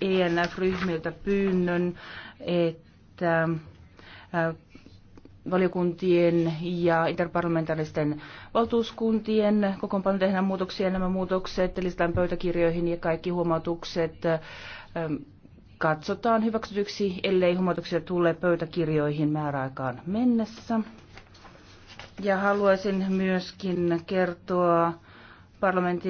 ENF-ryhmiltä pyynnön, että valiokuntien ja interparlamentaaristen valtuuskuntien kokoonpano tehdään muutoksia. Nämä muutokset lisätään pöytäkirjoihin ja kaikki huomautukset katsotaan hyväksytyksi, ellei huomautuksia tule pöytäkirjoihin määräaikaan mennessä. Ja haluaisin myöskin kertoa parlamentille,